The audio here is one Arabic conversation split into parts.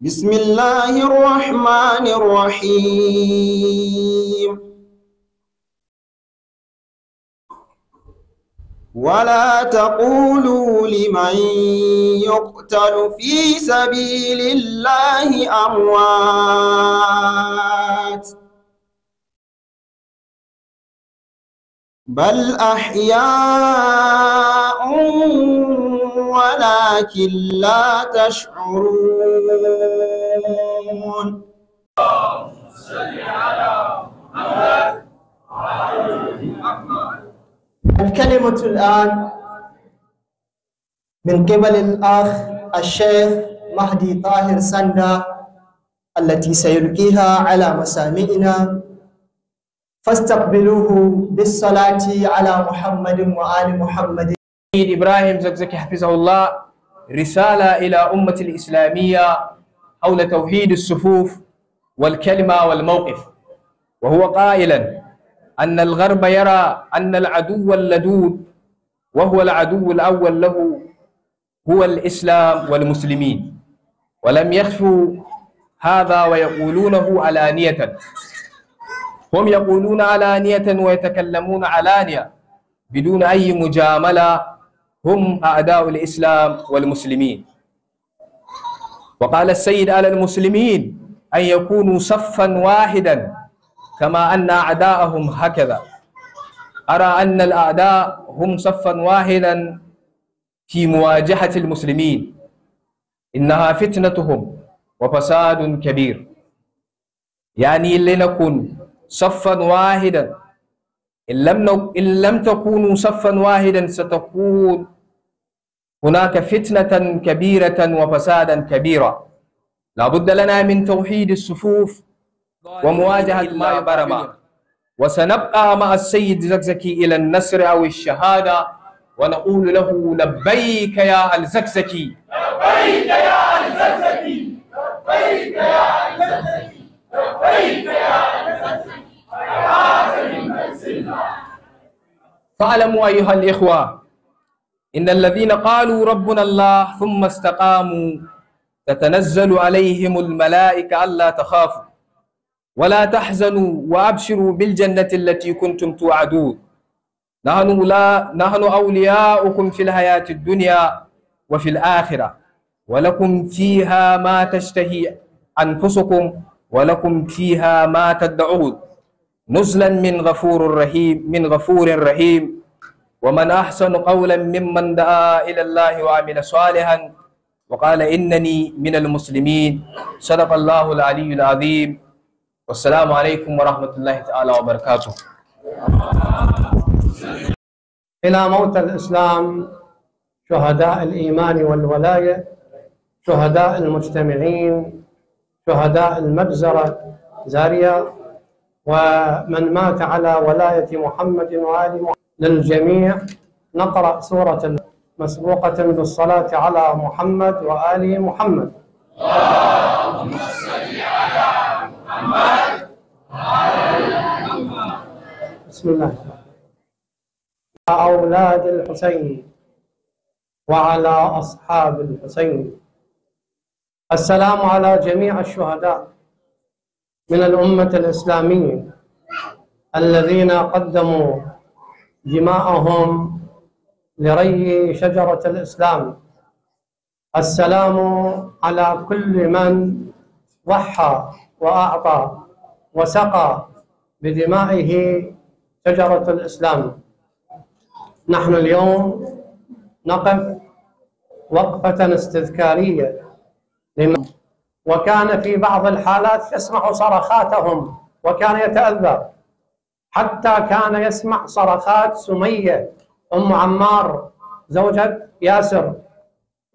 بسم الله الرحمن الرحيم ولا تقولوا لمن يقتل في سبيل الله أموات بل أحياء ولكن لا تشعرون الكلمة الآن من قبل الأخ الشيخ مهدي طاهر سندا التي سيلقيها على مسامعنا فاستقبلوه بالصلاة على محمد وآل محمد إبراهيم زكزكي حفظه الله رسالة إلى أمة الإسلامية حول توحيد الصفوف والكلمة والموقف وهو قائلا أن الغرب يرى أن العدو اللدود وهو العدو الأول له هو الإسلام والمسلمين ولم يخفوا هذا ويقولونه علانية هم يقولون علانية ويتكلمون علانية بدون أي مجاملة هم أعداء الإسلام والمسلمين وقال السيد على المسلمين أن يكونوا صفا واحدا كما أن أعداءهم هكذا أرى أن الأعداء هم صفا واحدا في مواجهة المسلمين إنها فتنتهم وفساد كبير يعني لنكن صفا واحدا إن لم, نو... إن لم تكونوا صفا واحدا ستكون هناك فتنة كبيرة وفسادا كبيرا لا بد لنا من توحيد الصفوف ومواجهة ما برما وسنبقى مع السيد زكزكي إلى النصر أو الشهادة ونقول له لبيك يا الزكزكي لبيك يا الزكزكي لبيك يا الزكزكي لبيك يا الزكزكي فاعلموا أيها الإخوة إن الذين قالوا ربنا الله ثم استقاموا تتنزل عليهم الملائكة ألا تخافوا ولا تحزنوا وأبشروا بالجنة التي كنتم توعدون نحن, لا نحن أولياؤكم في الحياة الدنيا وفي الآخرة ولكم فيها ما تشتهي أنفسكم ولكم فيها ما تدعون نزلا من غفور رحيم من غفور رحيم ومن أحسن قولا ممن دعا إلى الله وعمل صالحا وقال إنني من المسلمين صدق الله العلي العظيم والسلام عليكم ورحمة الله تعالى وبركاته إلى موت الإسلام شهداء الإيمان والولاية شهداء المجتمعين شهداء المجزرة زاريا ومن مات على ولاية محمد وآل محمد للجميع نقرأ سورة مسبوقة بالصلاة على محمد وآل محمد اللهم صل على محمد وعلى محمد بسم الله أولاد الحسين وعلى أصحاب الحسين السلام على جميع الشهداء من الأمة الإسلامية الذين قدموا دماءهم لري شجرة الإسلام السلام على كل من ضحى وأعطى وسقى بدمائه شجرة الإسلام نحن اليوم نقف وقفة استذكارية لمن وكان في بعض الحالات يسمع صرخاتهم وكان يتأذى حتى كان يسمع صرخات سمية أم عمار زوجة ياسر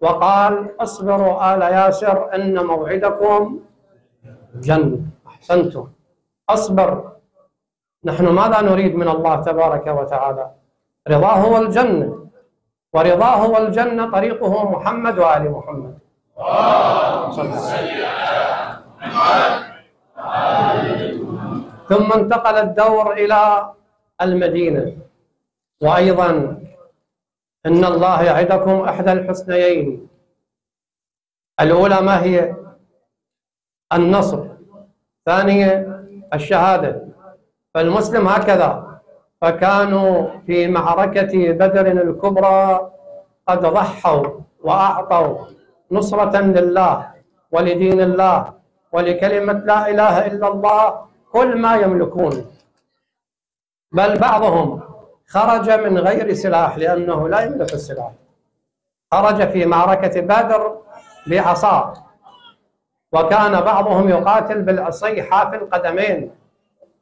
وقال اصبروا آل ياسر إن موعدكم جنة أحسنتم أصبر نحن ماذا نريد من الله تبارك وتعالى رضاه والجنة ورضاه والجنة طريقه محمد وآل محمد ثم انتقل الدور إلى المدينة وأيضا إن الله يعدكم إحدى الحسنيين الأولى ما هي؟ النصر ثانية الشهادة فالمسلم هكذا فكانوا في معركة بدر الكبرى قد ضحوا وأعطوا نصرة لله ولدين الله ولكلمة لا إله إلا الله كل ما يملكون بل بعضهم خرج من غير سلاح لأنه لا يملك السلاح خرج في معركة بدر بعصاه وكان بعضهم يقاتل بالعصي حافي القدمين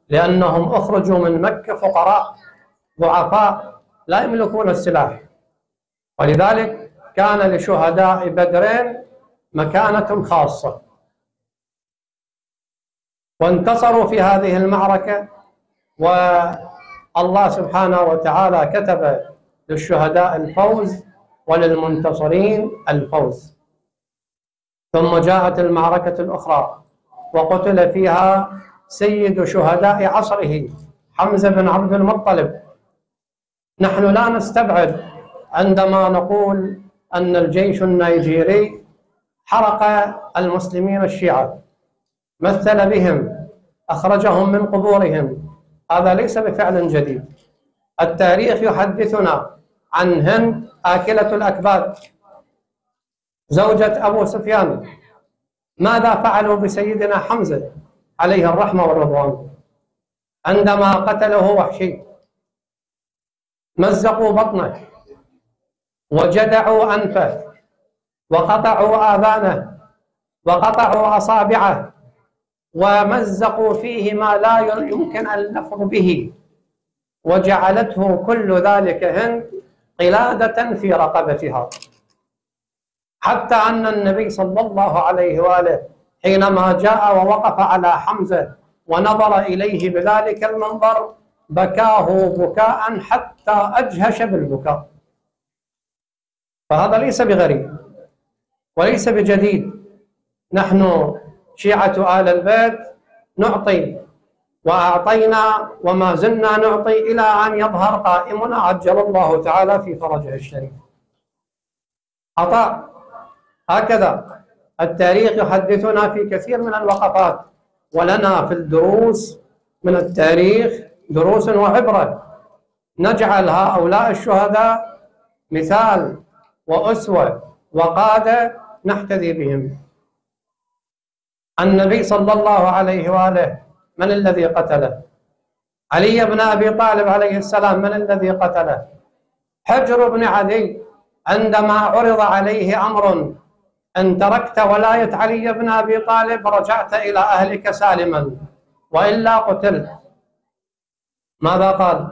لأنهم أخرجوا من مكة فقراء ضعفاء لا يملكون السلاح ولذلك كان لشهداء بدر مكانة خاصة وانتصروا في هذه المعركة والله سبحانه وتعالى كتب للشهداء الفوز وللمنتصرين الفوز ثم جاءت المعركة الأخرى وقتل فيها سيد شهداء عصره حمزة بن عبد المطلب نحن لا نستبعد عندما نقول أن الجيش النيجيري حرق المسلمين الشيعة مثل بهم أخرجهم من قبورهم هذا ليس بفعل جديد التاريخ يحدثنا عن هند آكلة الأكباد زوجة أبو سفيان ماذا فعلوا بسيدنا حمزة عليه الرحمة والرضوان عندما قتله وحشي مزقوا بطنه وجدعوا أنفه وقطعوا آذانه وقطعوا أصابعه ومزقوا فيه ما لا يمكن أن نفر به وجعلته كل ذلك هند قلادة في رقبتها حتى أن النبي صلى الله عليه وآله حينما جاء ووقف على حمزة ونظر إليه بذلك المنظر بكاه بكاء حتى أجهش بالبكاء فهذا ليس بغريب وليس بجديد نحن شيعة آل البيت نعطي وأعطينا وما زلنا نعطي إلى أن يظهر قائمنا عجل الله تعالى في فرجه الشريف عطاء هكذا التاريخ يحدثنا في كثير من الوقفات ولنا في الدروس من التاريخ دروس وعبرة نجعل هؤلاء الشهداء مثال وأسوة وقادة نحتذي بهم النبي صلى الله عليه وآله من الذي قتله علي بن أبي طالب عليه السلام من الذي قتله حجر بن علي عندما عرض عليه أمر إن تركت ولاية علي بن أبي طالب رجعت إلى أهلك سالما وإلا قتلت ماذا قال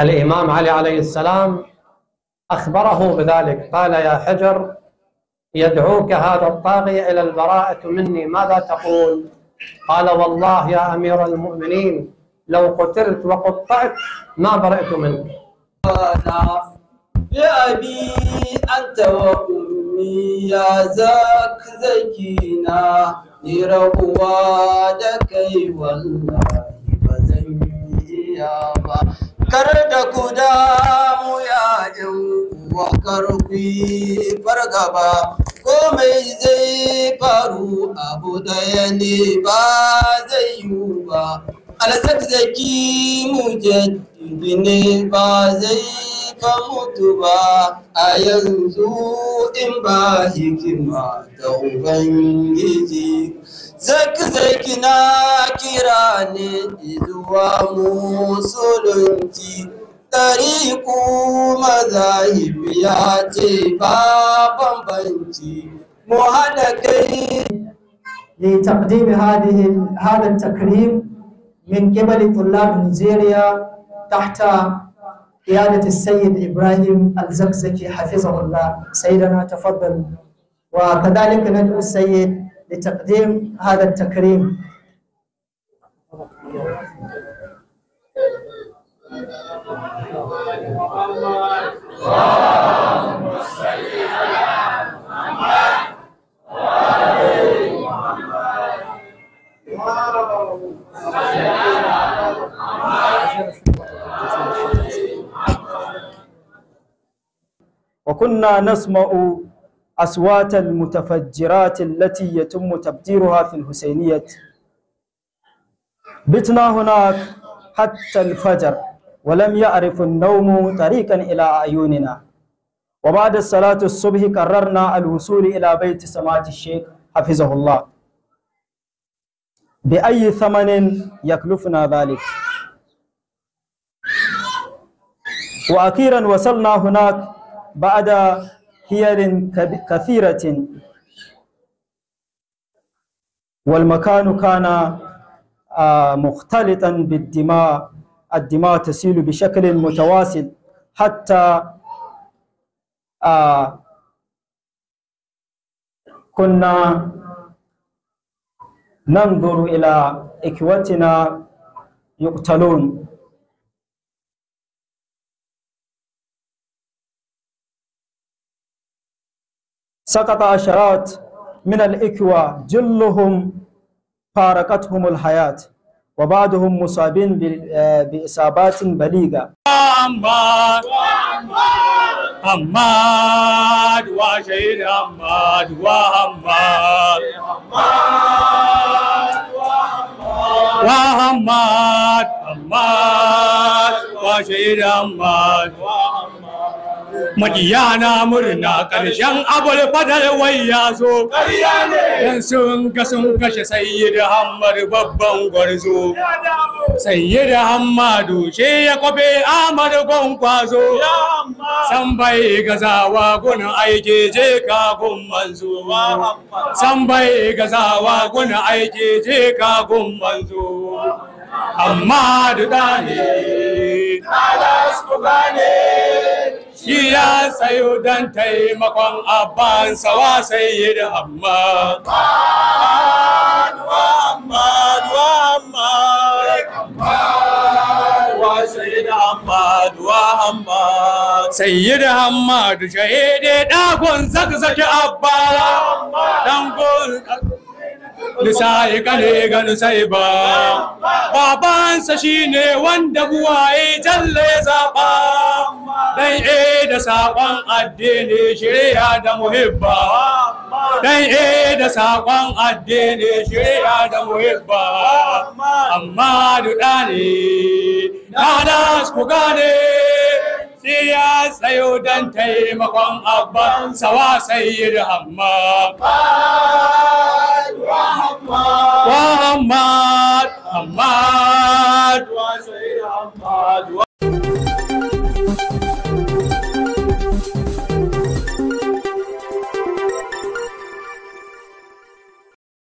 الإمام علي عليه السلام أخبره بذلك قال يا حجر يدعوك هذا الطاغية إلى البراءة مني ماذا تقول قال والله يا أمير المؤمنين لو قتلت وقطعت ما برئت منك يا أبي أنت وأمي يا زاك زكينا لروا والله بزن يا ما كرد قدام يا جو wa karfi ko komai zai faru abu daya ne ba zai yiwu ba alasar zaki mujaddidi ne ba zai ka mutu ba a yanzu in ba hikima da ubangiji zaki-zaki na kira ne zuwa musulunci tariku mazahib ya ce ba bambanci mu hada kai li taqdim hadhihi hada takrim min qibal tullab nigeria tahta qiyadati sayyid ibrahim al-zakzaki hafizahullah sayyidana tafaddal wa kadhalika nad'u sayyid li taqdim hada takrim وكنا نسمع أصوات المتفجرات التي يتم تبديرها في الحسينية بتنا هناك حتى الفجر ولم يعرف النوم طريقا إلى عيوننا وبعد الصلاة الصبح قررنا الوصول إلى بيت سماعة الشيخ حفظه الله بأي ثمن يكلفنا ذلك وأخيرا وصلنا هناك بعد حيل كثيرة والمكان كان آه، مختلطا بالدماء الدماء تسيل بشكل متواصل حتى آه كنا ننظر إلى إخوتنا يقتلون سقط عشرات من الإخوة جلهم فارقتهم الحياة وبعضهم مصابين آه، بإصابات بليغة أماد أماد وشهيد أماد وأماد وأماد أماد وشهيد أماد وأماد maƙiya na murna ƙarshen abul fadal wai ya zo ƙarya ne yan sun ga sun kashe sayyid hammar babban gwarzo sayyid hammadu she ya kwafe amar gwankwazo san bai gazawa gun aiki je ka gun manzo san bai gazawa gun aiki je ka gun manzo amma da ne talas gane shi ya tsayo don taimakon abban sawa sai yi da amma Sayyid Hamad shahidi ɗakon zakzaki abba dan gol nisa'i kane ga nisai ba babansa shine wanda buwaye jalle zaba dan e da sakon addini shirya da muhibba dan e da sakon addini shirya da muhibba amma duɗa ne na da su gane sai ya tsayo don taimakon Abba sawa sayyid hamma Muhammad